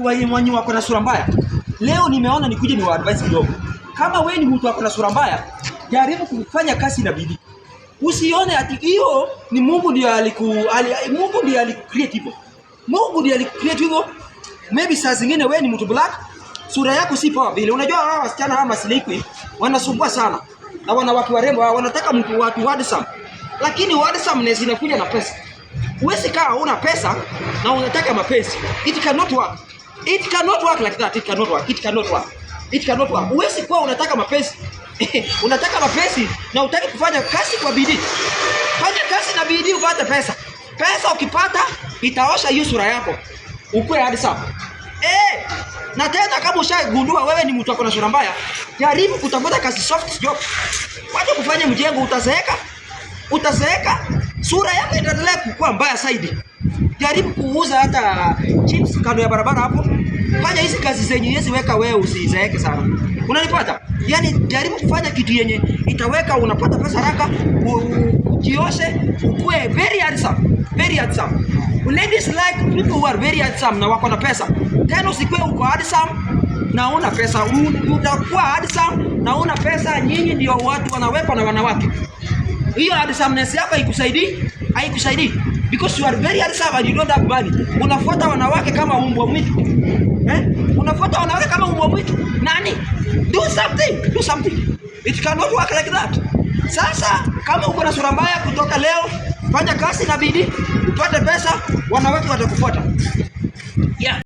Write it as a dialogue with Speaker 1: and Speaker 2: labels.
Speaker 1: kuwa yeye mwenyewe ako na sura mbaya. Leo nimeona nikuje ni advice kidogo. Kama wewe ni mtu wako na sura mbaya, jaribu kufanya kazi na bidii. Usione ati hiyo ni Mungu ndiye aliku ali, Mungu ndiye alicreate hivyo. Mungu ndiye alicreate hivyo. Maybe saa zingine wewe ni mtu black, sura yako si poa vile. Unajua hawa ah, wasichana hawa masiliki wanasumbua sana. Na wanawake warembo ah, wanataka mtu watu handsome. Lakini ni zinakuja na pesa. Uwezi kaa una pesa na unataka mapesa. It cannot work. It cannot work like that. It cannot work. It cannot work. It cannot work. Huwezi kuwa unataka mapesi unataka mapesi na utaki kufanya kazi kwa bidii. Fanya kazi na bidii upate pesa. Pesa ukipata itaosha hiyo sura yako. Ukwe hadi sawa. Eh, na tena kama ushagundua wewe ni mtu wako na sura mbaya, jaribu kutafuta kazi soft job. Wacha kufanya mjengo utazeeka utazeeka, sura yako itaendelea kukua mbaya zaidi. Jaribu kuuza hata chips kando ya barabara hapo. Fanya hizi kazi zenye Yesu weka wewe usizeeke sana. Unanipata? Yaani jaribu kufanya kitu yenye itaweka unapata pesa haraka, ujioshe, ukue very handsome, very handsome. Ladies like people who are very handsome na wako na pesa. Then usikue uko handsome na una pesa. Utakuwa handsome na una pesa, nyinyi ndio watu wanawekwa na wanawake hiyo hard amnesty yako haikusaidii, haikusaidii because you are very hard you don't have money. Unafuata wanawake kama umbwa mwitu eh? Unafuata wanawake kama umbwa mwitu nani? Do something, do something, it cannot work like that. Sasa kama uko na sura mbaya, kutoka leo fanya kazi na bidii upate pesa, wanawake watakufuata yeah.